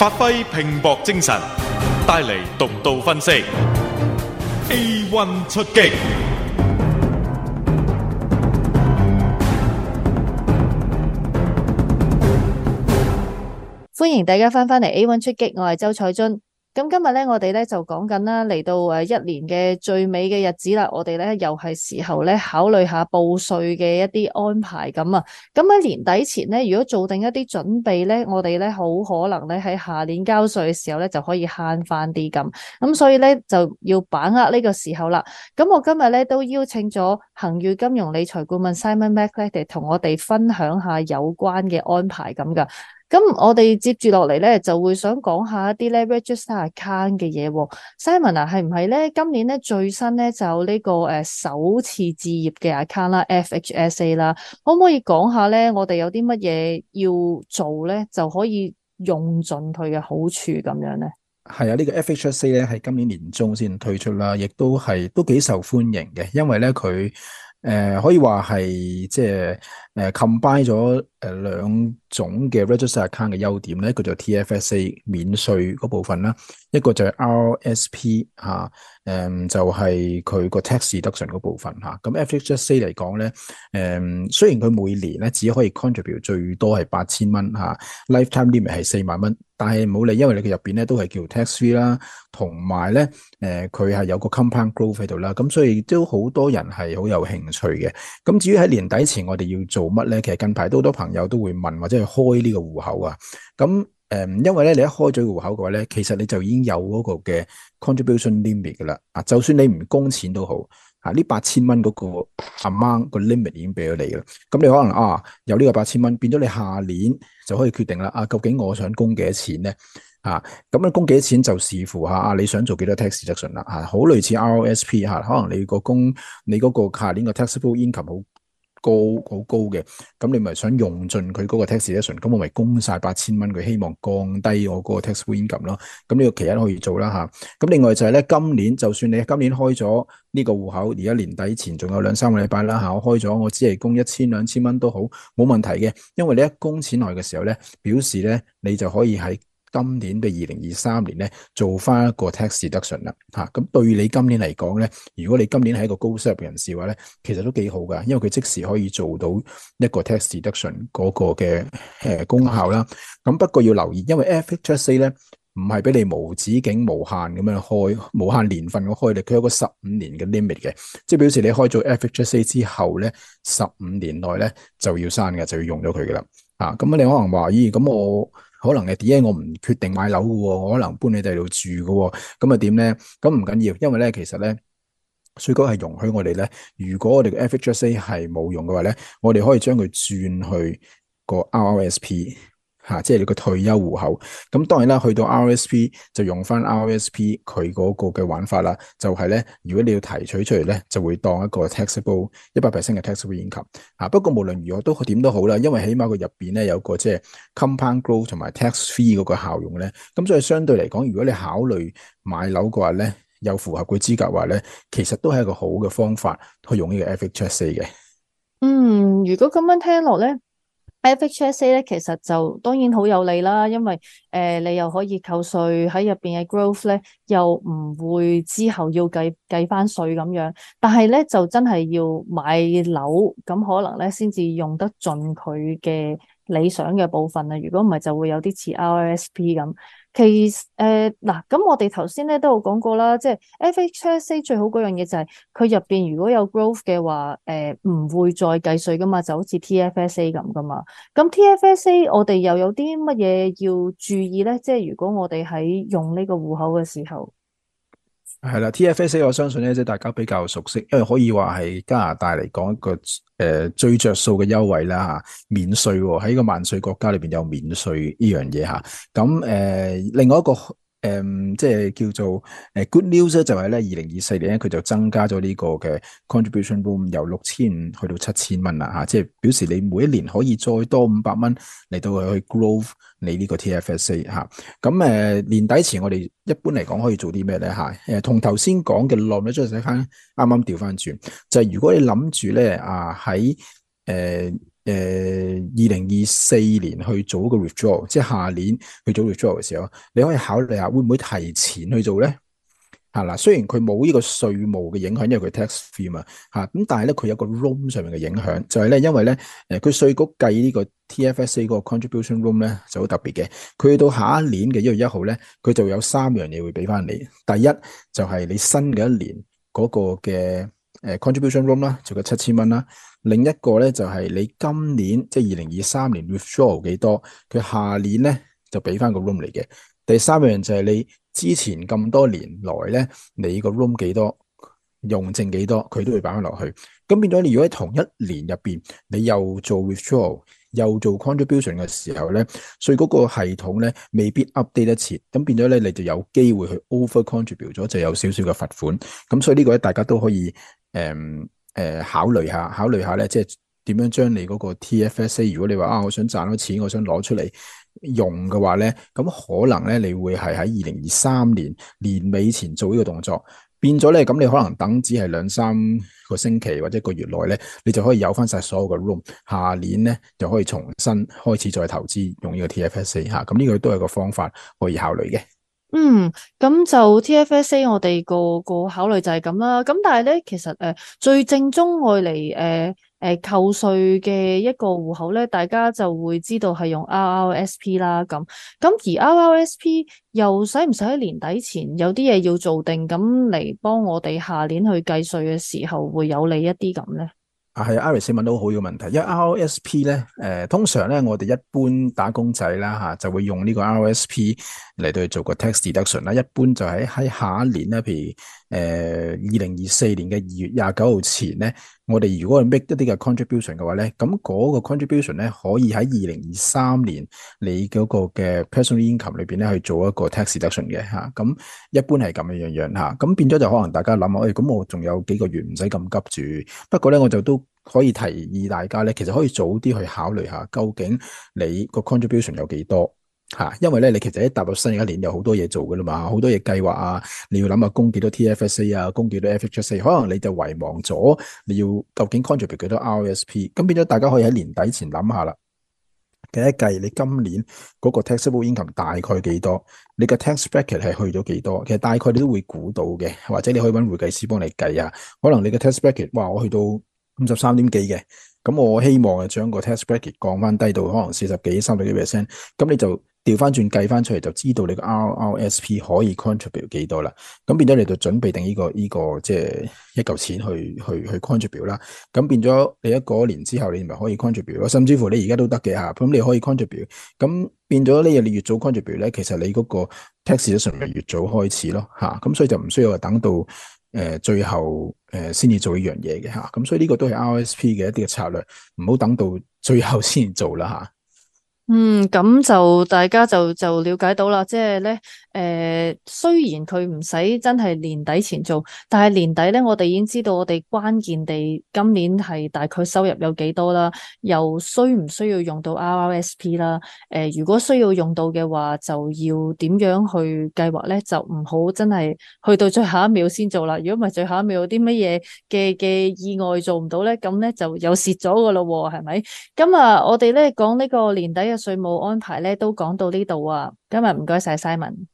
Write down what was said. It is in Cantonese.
發揮拼搏精神，帶嚟獨到分析。A one 出擊，歡迎大家翻翻嚟，A one 出擊，我係周采蓁。咁今日咧，我哋咧就講緊啦，嚟到誒一年嘅最尾嘅日子啦，我哋咧又係時候咧考慮下報稅嘅一啲安排咁啊。咁喺年底前咧，如果做定一啲準備咧，我哋咧好可能咧喺下年交稅嘅時候咧就可以慳翻啲咁。咁所以咧就要把握呢個時候啦。咁我今日咧都邀請咗恒裕金融理財顧問 Simon Mak 同我哋分享下有關嘅安排咁噶。咁我哋接住落嚟咧，就會想講下一啲咧 register account 嘅嘢喎。Simon 啊，係唔係咧？今年咧最新咧就有呢、這個誒、呃、首次置業嘅 account 啦，FHSA 啦，可唔可以講下咧？我哋有啲乜嘢要做咧，就可以用盡佢嘅好處咁樣咧？係啊，這個、呢個 FHSA 咧係今年年中先推出啦，亦都係都幾受歡迎嘅，因為咧佢誒可以話係即係。誒 combine 咗誒兩種嘅 registered account 嘅優點咧，佢就 TFSA 免稅嗰部分啦，一個就係 RSP 嚇，誒就係佢個 tax deduction 嗰部分嚇。咁 FHSI 嚟講咧，誒、嗯就是啊嗯、雖然佢每年咧只可以 contribute 最多係八千蚊嚇，lifetime 呢面係四萬蚊，但係冇理，因為你佢入邊咧都係叫 tax free 啦、啊，同埋咧誒佢係有、呃、有個 compound growth 喺度啦，咁、啊、所以都好多人係好有興趣嘅。咁至於喺年底前我哋要做。乜咧？其實近排都好多朋友都會問，或者係開呢個戶口啊。咁、嗯、誒，因為咧你一開咗個戶口嘅話咧，其實你就已經有嗰個嘅 contribution limit 噶啦。啊，就算你唔供錢都好，啊呢八千蚊嗰個 amount 個 limit 已經俾咗你啦。咁你可能啊有呢個八千蚊，變咗你下年就可以決定啦。啊，究竟我想供幾多錢咧？啊，咁你供幾多錢就視乎嚇啊你想做幾多 tax deduction 啦。啊，好類似 RRSP、啊、嚇，可能你個供你嗰個下年個 taxable income 好。高好高嘅，咁你咪想用盡佢嗰個 taxation，咁我咪供晒八千蚊佢，希望降低我嗰個 tax income 咯。咁呢個期一可以做啦吓。咁、啊、另外就係咧，今年就算你今年開咗呢個戶口，而家年底前仲有兩三個禮拜啦吓，我開咗我只係供一千兩千蚊都好冇問題嘅，因為你一供錢嚟嘅時候咧，表示咧你就可以喺。今年嘅二零二三年咧，做翻一個 tax deduction 啦，嚇、啊！咁對你今年嚟講咧，如果你今年係一個高 s 收入人士嘅話咧，其實都幾好噶，因為佢即時可以做到一個 tax deduction 嗰個嘅誒、呃、功效啦。咁、嗯、不過要留意，因為 FHSA 咧唔係俾你無止境、無限咁樣開、無限年份嘅開力，佢有個十五年嘅 limit 嘅，即係表示你開咗 FHSA 之後咧，十五年內咧就要刪嘅，就要用咗佢噶啦。啊，咁你可能話咦，咁、哎、我？可能係點解我唔決定買樓嘅喎？我可能搬你哋度住嘅喎，咁又點咧？咁唔緊要，因為咧其實咧，稅局係容許我哋咧，如果我哋嘅 FHSA 係冇用嘅話咧，我哋可以將佢轉去個 RRSP。吓、啊，即係你個退休戶口，咁、嗯、當然啦，去到 RSP 就用翻 RSP 佢嗰個嘅玩法啦，就係、是、咧，如果你要提取出嚟咧，就會當一個 taxable 一百 percent 嘅 taxable income、啊。吓，不過無論如何都點都好啦，因為起碼佢入邊咧有個即係 compound growth 同埋 tax free 嗰個效用咧，咁、嗯、所以相對嚟講，如果你考慮買樓嘅話咧，有符合佢資格話咧，其實都係一個好嘅方法去用呢個 FHS 嘅。嗯，如果咁樣聽落咧。FHSA 咧，其實就當然好有利啦，因為誒、呃、你又可以扣稅喺入邊嘅 growth 咧，又唔會之後要計計翻稅咁樣。但係咧就真係要買樓咁，可能咧先至用得盡佢嘅理想嘅部分啊。如果唔係，就會有啲似 RSP 咁。其實嗱，咁、呃、我哋頭先咧都有講過啦，即係 FHSA 最好嗰樣嘢就係佢入邊如果有 growth 嘅話，誒、呃、唔會再計稅噶嘛，就好似 TFSA 咁噶嘛。咁 TFSA 我哋又有啲乜嘢要注意咧？即係如果我哋喺用呢個戶口嘅時候。係啦，TFSA 我相信咧即係大家比較熟悉，因為可以話係加拿大嚟講一個誒最着數嘅優惠啦吓，免稅喺一個萬稅國家裏邊有免稅呢樣嘢吓，咁誒、呃、另外一個。誒，um, 即係叫做誒、uh,，good news 咧，就係咧，二零二四年咧，佢就增加咗呢個嘅 contribution room 由六千五去到七千蚊啦，吓、啊，即係表示你每一年可以再多五百蚊嚟到去 grow 你呢個 TFSA 吓、啊。咁誒、啊，年底前我哋一般嚟講可以做啲咩咧吓？誒、啊，同頭先講嘅落，我再使翻，啱啱調翻轉，就係、是、如果你諗住咧啊喺誒。誒，二零二四年去做一個 withdrawal，即係下年去做 withdrawal 嘅時候，你可以考慮下會唔會提前去做咧？吓嗱，雖然佢冇呢個稅務嘅影響，因為佢 tax free 嘛，吓咁，但係咧佢有個 room 上面嘅影響，就係咧因為咧，誒，佢稅局計呢個 TFSA 呢個 contribution room 咧就好特別嘅，佢到下一年嘅一月一號咧，佢就有三樣嘢會俾翻你，第一就係你新嘅一年嗰個嘅。誒、呃、contribution room 啦，做個七千蚊啦。另一個咧就係、是、你今年即係二零二三年 withdraw 幾多，佢下年咧就俾翻個 room 嚟嘅。第三樣就係你之前咁多年來咧，你個 room 幾多用剩幾多，佢都會擺翻落去。咁變咗，你如果喺同一年入邊你又做 withdraw 又做 contribution 嘅時候咧，所以嗰個系統咧未必 update 得切。咁變咗咧你就有機會去 over contribute 咗，就有少少嘅罰款。咁所以個呢個咧大家都可以。誒誒、嗯呃，考慮下，考慮下咧，即係點樣將你嗰個 TFSA，如果你話啊，我想賺到錢，我想攞出嚟用嘅話咧，咁可能咧，你會係喺二零二三年年尾前做呢個動作，變咗咧，咁你可能等只係兩三個星期或者一個月內咧，你就可以有翻晒所有嘅 room，下年咧就可以重新開始再投資用呢個 TFSA 吓、啊，咁呢個都係個方法可以考慮嘅。嗯，咁就 TFSA 我哋個個考慮就係咁啦，咁但係咧其實誒、呃、最正宗用嚟誒誒扣稅嘅一個戶口咧，大家就會知道係用 RRSP 啦，咁咁而 RRSP 又使唔使喺年底前有啲嘢要做定，咁嚟幫我哋下年去計稅嘅時候會有利一啲咁咧？但係 Iris 問到好有問題，因為 RSP 咧，誒、呃、通常咧，我哋一般打工仔啦嚇、啊，就會用呢個 RSP 嚟到去做個 tax deduction 啦。一般就喺喺下一年咧，譬如誒二零二四年嘅二月廿九號前咧，我哋如果 make 一啲嘅 contribution 嘅話咧，咁嗰個 contribution 咧可以喺二零二三年你嗰個嘅 personal income 裏邊咧去做一個 tax deduction 嘅嚇。咁、啊、一般係咁樣樣嚇，咁、啊、變咗就可能大家諗啊，咁、哎、我仲有幾個月唔使咁急住，不過咧我就都，可以提議大家咧，其實可以早啲去考慮下，究竟你個 contribution 有幾多吓？因為咧，你其實喺踏入新嘅一年有好多嘢做㗎啦嘛，好多嘢計劃啊，你要諗下供幾多 TFSA 啊，供幾多 FHSA，可能你就遺忘咗你要究竟 contribute 幾多 RSP。咁變咗大家可以喺年底前諗下啦，計一計你今年嗰個 taxable income 大概幾多？你嘅 tax bracket 係去到幾多？其實大概你都會估到嘅，或者你可以揾會計師幫你計啊。可能你嘅 tax bracket 哇，我去到～五十三點幾嘅，咁我希望係將個 tax bracket 降翻低到可能四十幾、三十幾 percent，咁你就調翻轉計翻出嚟，就知道你個 RRSP 可以 contribute 幾多啦。咁變咗你就準備定呢個呢個即係一嚿錢去去去，去 contribute 啦。咁變咗你一個年之後，你咪可以 contribute 啦。甚至乎你而家都得嘅嚇，咁你可以 contribute。咁變咗呢啊，你越早 contribute 咧，其實你嗰個 taxation 咪越早開始咯吓，咁所以就唔需要話等到。誒、呃，最後誒先至做呢樣嘢嘅吓，咁、啊、所以呢個都係 RSP 嘅一啲嘅策略，唔好等到最後先做啦吓。啊、嗯，咁就大家就就了解到啦，即係咧。誒、呃，雖然佢唔使真係年底前做，但係年底咧，我哋已經知道我哋關鍵地今年係大概收入有幾多啦，又需唔需要用到 RRSP 啦。誒、呃，如果需要用到嘅話，就要點樣去計劃咧？就唔好真係去到最後一秒先做啦。如果唔係最後一秒有啲乜嘢嘅嘅意外做唔到咧，咁咧就有蝕咗噶咯，係咪？咁啊，我哋咧講呢個年底嘅稅務安排咧，都講到呢度啊。今日唔該晒 Simon。